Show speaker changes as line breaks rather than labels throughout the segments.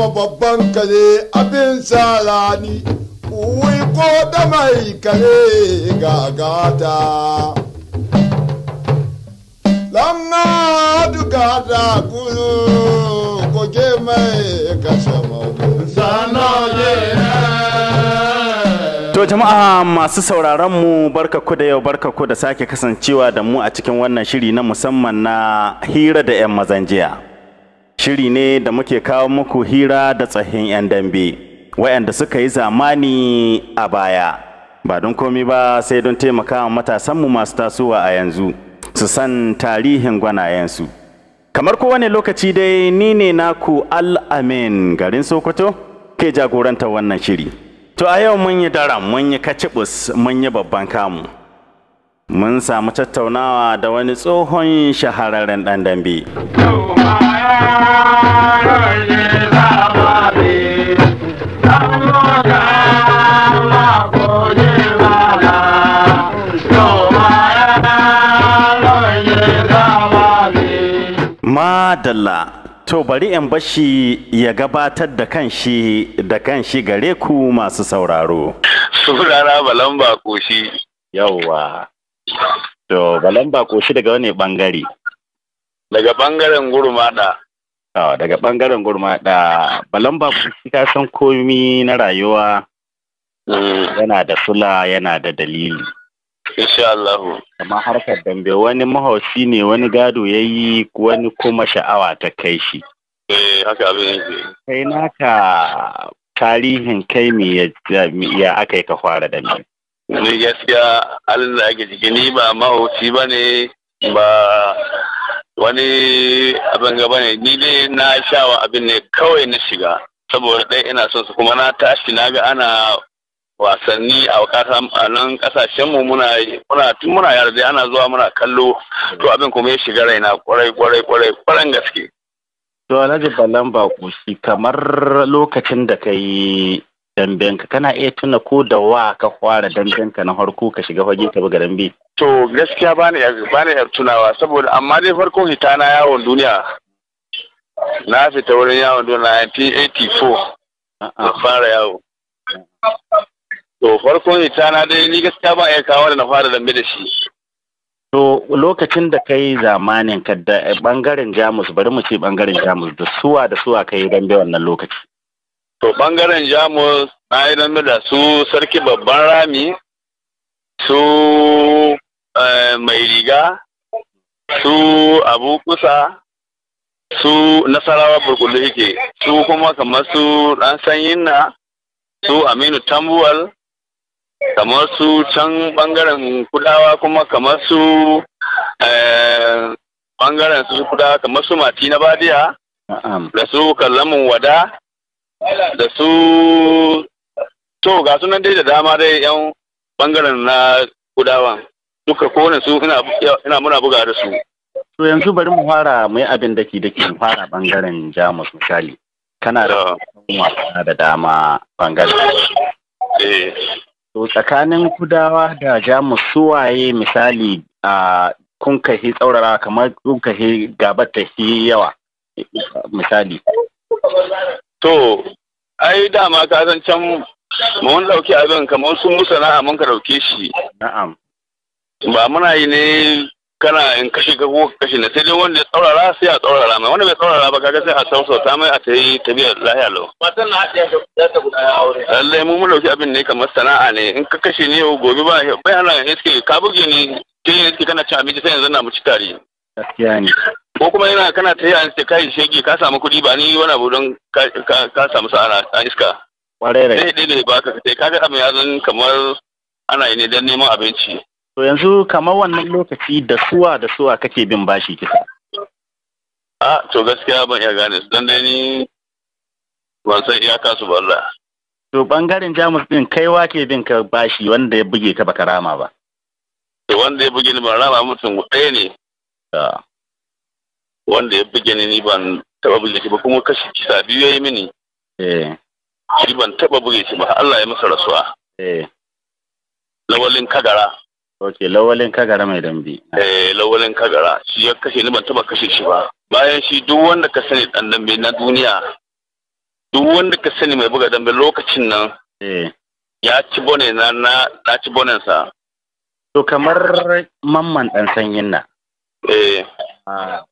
zama babban kare abin tsara ni wai ko da mai kare gagata lamma duka da kuru koke mai kashe mabu
To jama'a masu sauraron mu barkaku da yau barka barkaku da sake kasancewa da mu a cikin wannan shiri na musamman na hira da 'yan mazan shiri ne da muke kawo muku hira da tsahin 'yan dambe wayanda suka yi zamani a baya ba don komi ba sai don taimakawa mu masu tasowa a yanzu su san tarihin gwanayensu kamar kowane lokaci dai ni ne naku al'amin garin sokoto ke jagoranta wannan shiri to a yau mun yi dara mun yi kacibus mun yi babban kamu mun samu tattaunawa da wani tsohon shahararren ɗan dambe. Madalla To bari in bashi ya gabatar da kanshi da kanshi gare ku masu sauraro. Sunana Balan Bakoshi. Yawwa. To, balan bako shi daga wani bangare?
Daga bangaren gurmada.
Oh, daga bangaren gurmada, balan bako shi ta san komi na rayuwa mm. yana da sula yana da dalili.
Insha Allah.
Amma harkar dambe wani mahaushi ne wani gado ya yi wani kuma sha'awa ta kai shi. Eh, haka abin yake. Kai naka tarihin kai me ya aka yi ka fara dambe.
ni gaskiya halin da ake ciki ni ba mahauci ba ne ba wani abin gaba ne ni dai na shawa abin ne kawai na shiga saboda ɗaya ina son su kuma na tashi na ga ana wasanni a nan ƙasashenmu muna tun muna yara dai ana zuwa muna kallo to abin kuma ya shiga raina kwarai kwarai kwarai kwaran gaske
to alhaji ballan bako kamar lokacin da kai dambenka kana iya tuna ko da wa ka fara dambenka na harko ka shiga fage ka buga dambe
to gaskiya bani bani tunawa saboda amma dai farkon hita na yawon duniya na fita wurin yawon duniya 1984 na fara yawo to farkon hita na dai ni gaskiya ba iya kawo da na fara dambe da shi
To lokacin da kai zamanin ka da bangaren Jamus bari mu ce bangaren Jamus da suwa da suwa kai dambe wannan lokaci.
to bangaren jamus na yi da su sarki babban rami su eh, mai riga su abu kusa su nasarawa burkulu yake su kuma kamar su dan sanyin na su aminu tambuwal kamar su can bangaren kudawa kuma kamar su bangaren eh, su kudawa kamar su mati na badiya da su kallamin wada da su to ga sunan dai da dama dai yan bangaren na kudawa duka kone su ina muna buga da su
to yanzu bari mu fara mai abin da ke da ke fara bangaren jamus misali kana da wasa ah. da dama bangaren eh. to tsakanin kudawa da jamus suwaye misali a kun kashi tsaurara kamar kun kashi gabar ta yawa misali
to ai dama ka san can mun ɗauki abin kamar sun musana mun ka ɗauke shi na'am ba muna yi ne kana in kashe ka ko kashe na sai dai wanda ya tsaurara sai a tsaurara mai wanda bai tsaurara ba kaga sai a sausauta mai a ta yi tafiya lahiya lau. san na haɗe ya ta guda ya aure. Lallai mu mun abin ne kamar sana'a ne in ka kashe ne yau gobe ba bai hana iske ka buge ne ke iske kana cin abinci sai yanzu na mu ci tare. Gaskiya ne. ko kuma yana kana ta an ce kai shege ka samu kuɗi ba ni wani abu don ka samu sa'ana a iska kwarai da gaske ne ba ka sai kaga abin ya zan kamar ana yi ne don neman abinci
to yanzu kamar wannan lokaci da suwa da suwa kake bin bashi kisa
a to gaskiya ban iya gane su don dai ni ban san iyaka su balla
to bangaren jamus din kaiwa ke bin ka bashi wanda ya buge ka baka rama ba
to eh, wanda ya buge ni ban rama mutum ɗaya ne ah. wanda ya buge ni ni ban taba buge shi ba kuma kashi kisa biyu yayi mini eh shi ban taba buge shi ba Allah ya masa rasuwa
eh lawalin kagara Ok, lawalin kagara mai dambi
Eh, lawalin kagara. Shi ya kashe ni ban taba kashe shi ba. Bayan shi duk wanda ka sani dan dambe na duniya, duk wanda ka sani mai buga dambe lokacin nan. Eh. Ya ci bone na na na ci bonen sa.
To kamar mamman dan sanyin na. Eh. Ah.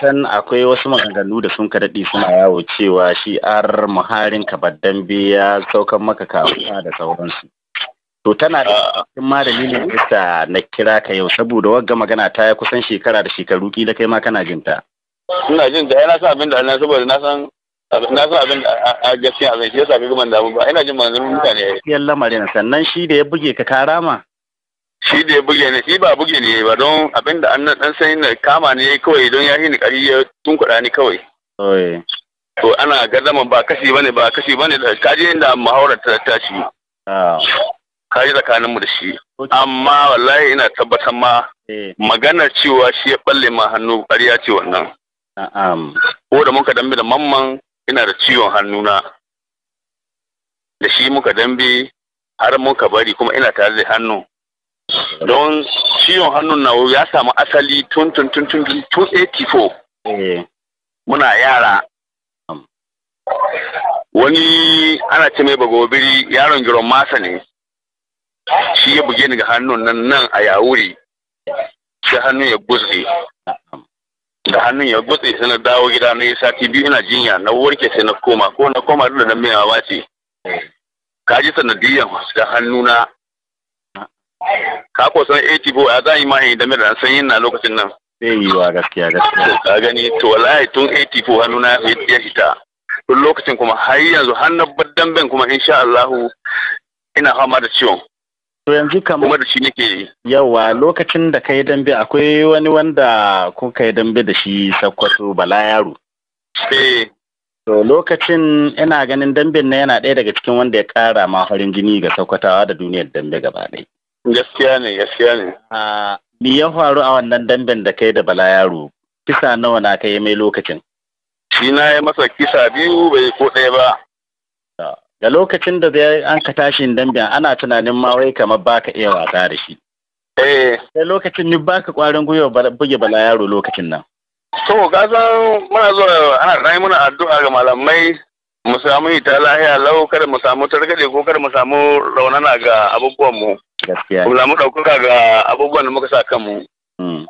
san akwai wasu maganganu da sun daɗe suna yawo cewa shi ar muharin kabaddan ya saukan maka kawuwa da sauransu to tana da cikin ma dalilin da na kira ka yau saboda wagga magana ta ya kusan shekara da shekaru kila kai ma kana jin ta
ina jin da na san abin da na saboda na san na san abin da a gaskiya abin shi yasa kai gama damu ba ina jin maganganun mutane
yayin lamarin sannan shi da ya buge ka karama
shi da ya buge ne shi ba buge ne ba don abin da annan dan sai na kama ne kawai don ya yi ni kari ya tunkuɗa ni kawai to ana gardama ba kashi bane ba kashi bane da kaje inda muhawara ta tashi ah. kaji tsakanin mu da shi amma wallahi ina tabbatar ma eh. maganar cewa shi ya balle ma hannu ƙarya ce wannan ko da muka dambe da mamman ina da ciwon hannuna da shi muka dambe har muka bari kuma ina tare da hannu don ciwon hannun na ya samu asali tun tun tun tun tun tun 284 eh. muna yara wani ana ce mai bagobiri yaron giron masa ne shi ya buge ni ga hannun nan nan a yawuri sai hannun ya gutse da hannun ya gutse sai na dawo gida na yi sati biyu ina jinya na warke sai na koma ko na koma duk da na mai ce eh. ka ji sanadiyan da hannuna ka ko san 84 a zan yi mahi da mai san sanyin na lokacin nan zai yi
wa gaskiya gaskiya
ka gani to wallahi tun 84 hannuna ya hita tun lokacin kuma har yanzu har na baddan ban kuma insha Allah ina fama da ciwon
to yanzu kamar kuma
da shi nake yi
yawa lokacin da kai dambe akwai wani wanda kun kai dambe da shi sakkwato bala yaro eh to lokacin ina ganin damben na yana ɗaya daga cikin wanda ya ƙara ma farin jini ga sakkwatawa da duniyar dambe gaba ɗaya
Gaskiya ne, gaskiya ne.
Me ya faru a wannan damben da kai da Bala yaro? Kisa nawa na kai mai lokacin?
Shi na yi masa kisa biyu bai ko ɗaya
ba. Da lokacin da zai an ka tashin damben ana tunanin ma wai kamar baka iya wasa da shi. Eh. Sai lokacin ni baka kwarin gwiwa buge Bala yaro lokacin nan.
To, gazan muna zuwa ana rai muna addu'a ga malamai mu samu ita lahiya lau kada mu samu targade ko kada mu samu raunana ga abubuwan mu
gaskiya mu samu
ɗaukaka ga abubuwan da muka sa kanmu mm.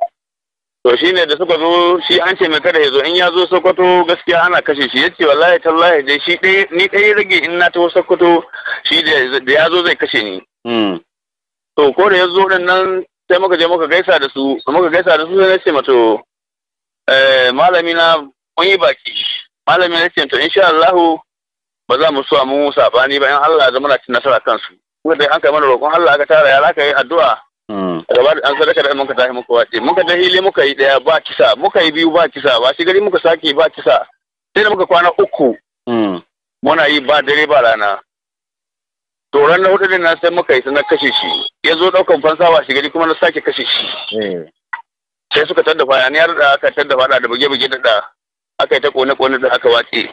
to shine da suka zo shi an ce mai kada ya zo in ya zo sokoto gaskiya ana kashe shi yace wallahi tallahi dai shi dai ni dai rage in na taho sokoto shi da ya zo zai kashe ni mm. to ko da ya zo din nan sai muka je muka gaisa da su muka gaisa da su sai na ce mato eh, malami na mun yi baki malami na ce to insha allahu. ba za mu so mu sabani ba in Allah zama na cin nasara kansu kuma dai an kai mana roƙon Allah aka tara yara ka yi addu'a hmm. gaba da an sadaka da muka tafi muka wace muka da hili muka yi daya ba kisa muka yi biyu ba kisa ba shi gari muka sake ba kisa sai da muka kwana uku hmm. muna yi ba dare ba rana to ran na hudu din na sai muka yi sai na kashe shi ya zo daukan fansa ba shi gari kuma na sake kashe shi eh. sai suka tattafa ya ni ya da aka tattafa da buge-buge da aka yi ta kone-kone da aka wace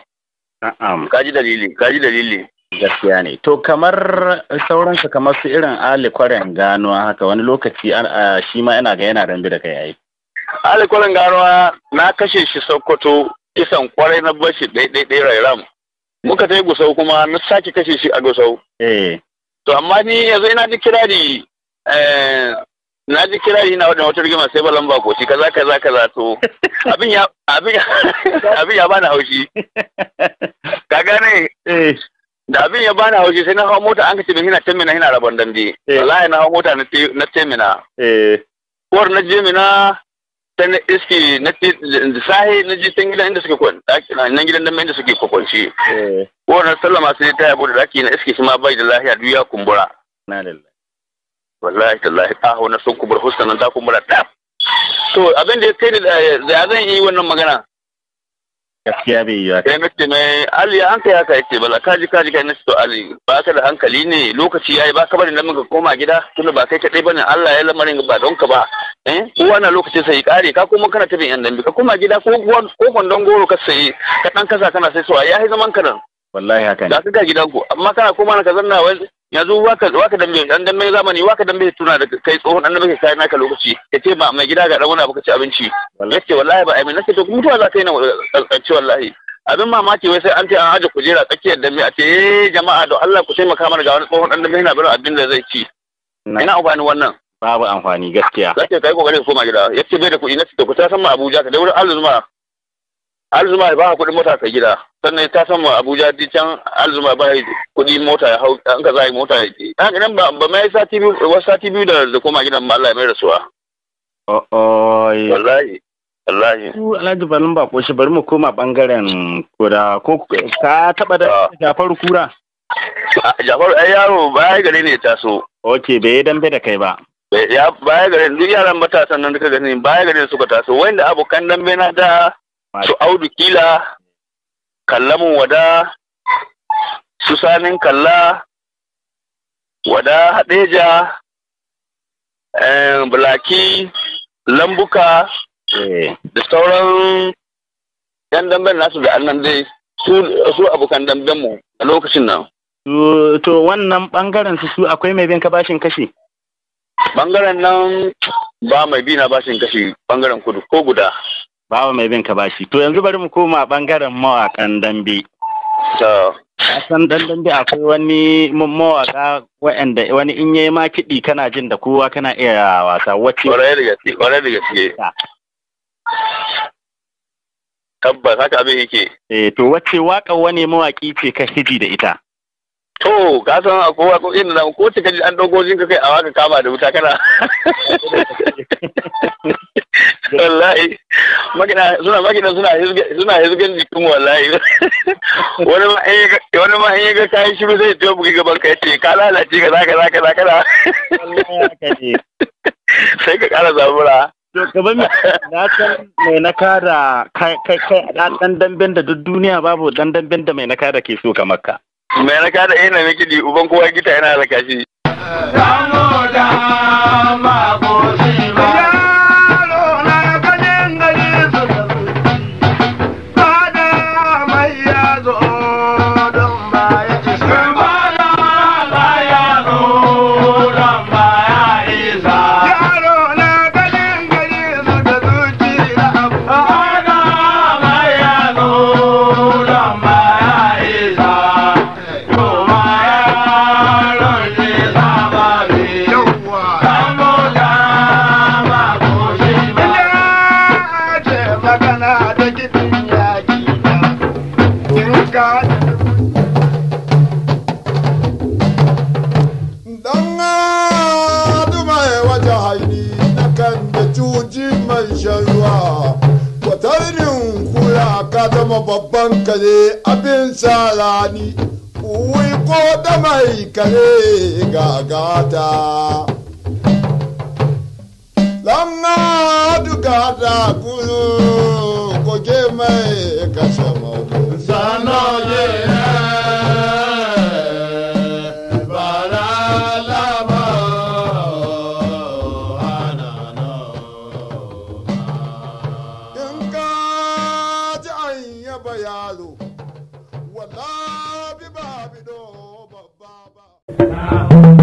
Kaji dalili, kaji dalili.
Gaskiya ne. To kamar sauransu kamar su irin Ali Kwaren ganuwa haka wani lokaci shi ma yana ga yana dambe da kai yayi.
Ali Kwaren ganuwa na kashe shi Sokoto kisan kwarai na bashi ɗaiɗaiɗai rairam. Muka ta yi gusau kuma na sake kashe shi a gusau. Eh. To amma ni yanzu ina ji kirari eh, na ji yi na wadda wata rigima sai balan ba shi kaza kaza kaza to abin ya abin abin ya bani haushi ka gane eh. da abin ya bani haushi sai na hawo mota an kace min hina temina hina rabon dande eh. wallahi na hawo mota na temina eh war na je mina ta na iski na sahi na ji san gidan inda suke kwan daki nan gidan dan inda suke kwakwanci eh na sallama sai ta yabo da daki na iski shi ma bai da lafiya duk ya kumbura na lalle wallahi tallahi aho na sun kubar huska nan ta kumbura ta to abin da ya kai da eh, ya zan yi wannan magana
gaskiya bai yi haka.
Sai mai Ali an kai haka yake bala kaji kaji kai nasu to Ali ba ka da hankali ne lokaci yayi ba ka bari nan muka koma gida tunda ba kai kadai bane Allah ya lamarin ba don ka ba. Eh kowa na lokacin sai kare ka kuma kana tabin yan dambe ka koma gida ko ko kwandon goro ka sai ka dan kasa kana sai so yi zaman ka nan.
Wallahi haka ne. Da
ka gidan ku. amma kana koma na ka zanna wai yanzu waka waka dambe dan dambe zamani waka dambe tuna da kai tsohon annabi ka kai naka lokaci ka ce ma mai gida ga dan wani abuka ci abinci yace wallahi ba ai mai nace to mutuwa za ka yi na ci wallahi abin mamaki wai sai an ce an aje kujera tsakiyar dambe a ce eh, jama'a don Allah ku taimaka mana ga wani tsohon dan dambe yana barin abin da zai ci ina
amfani wannan babu amfani gaskiya zai kai
ku koma gida yace bai da kuɗi nace to ku ta san ma Abuja ka dai wurin Allah zuma Allah zuma ba kuɗin mota ka gida sannan ta san abuja di can alzuma ba kudi mota ya hau an ka zai mota ya ke haka nan ba ba mai sati biyu wasu sati biyu da da koma gidan ma Allah ya mai rasuwa
wallahi wallahi ku alhaji balin ba shi bari mu koma bangaren kura ko ka taba da jafaru kura
jafaru ai yaro baya gare ne ta so
okay bai dambe da kai ba
ya baya gare duk yaran matasan nan duka gani baya gare suka taso wanda abokan dambe na da su audu kila Kallamun wada su sanin kalla wada hadeja eh, blaki lambuka eh. da sauran yan damben nasu da annan dai su abokan damben mu a lokacin nan
to wannan bangaren su su akwai mai bin ka bashin kashi
bangaren nan ba mai bina bashin kashi bangaren kudu ko guda
babu mai bin ka bashi to yanzu bari mu koma bangaren mawakan dambe to san dan dambe akwai wani mawaka wa'anda wani in yayi ma kiɗi kana jin da kowa kana iya wasa wacce ƙwarai
da gaske ƙwarai da gaske
tabbas haka abin yake eh to wacce waka wani mawaki ce ka hiji da ita
to ka san a kowa ko inda na ko ka ji an dogo jin ka kai a waka kama da wuta kana wallahi magina suna magina suna suna hizgan jikin wallahi wani ma in yi ga kayan shiru zai tiyo buki gaban ka yace ka lalace ka zaka zaka zaka na? sai ka kara zabura gaban na san
mai na kada kai kai dan damben da duk duniya babu dan damben da mai na kada ke so ka ka
mai raka da ina miki di uban kowa gita yana halaka shi. Damo da
babban kare abin sa rani wai ko da mai kare gagata lamma duka da kuru koke mai kasa mabu sana je Tchau.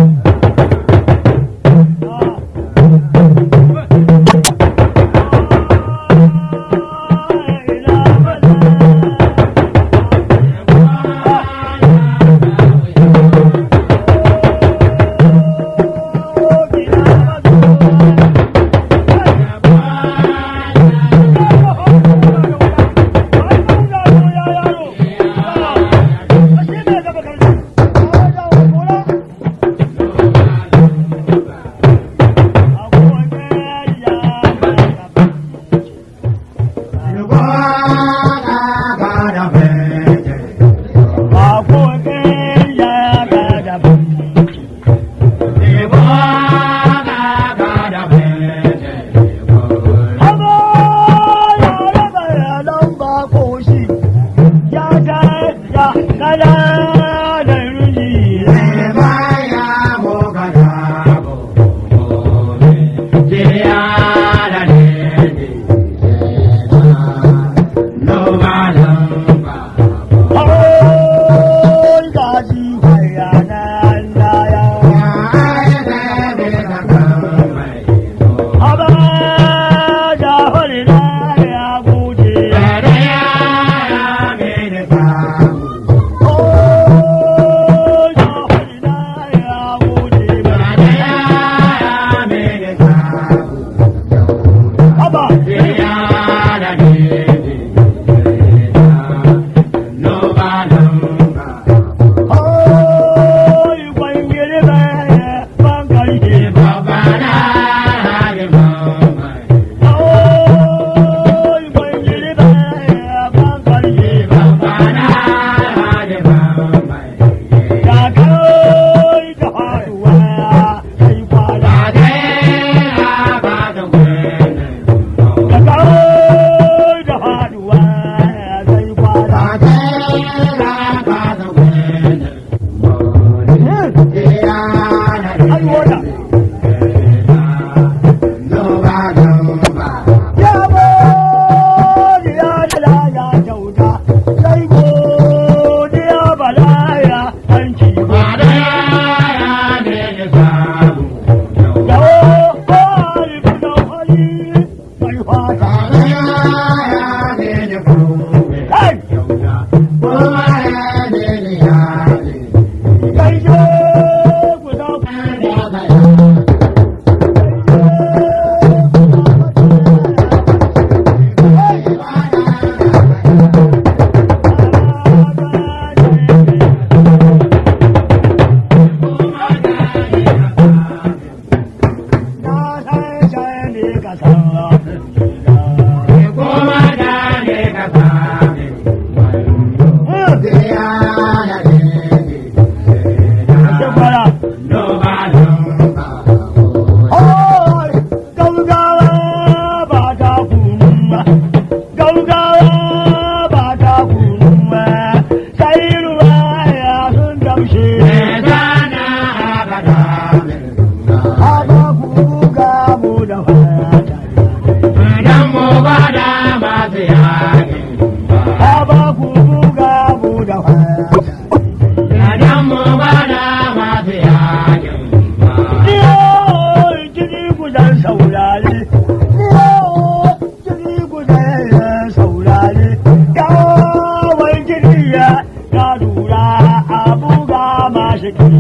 Thank you.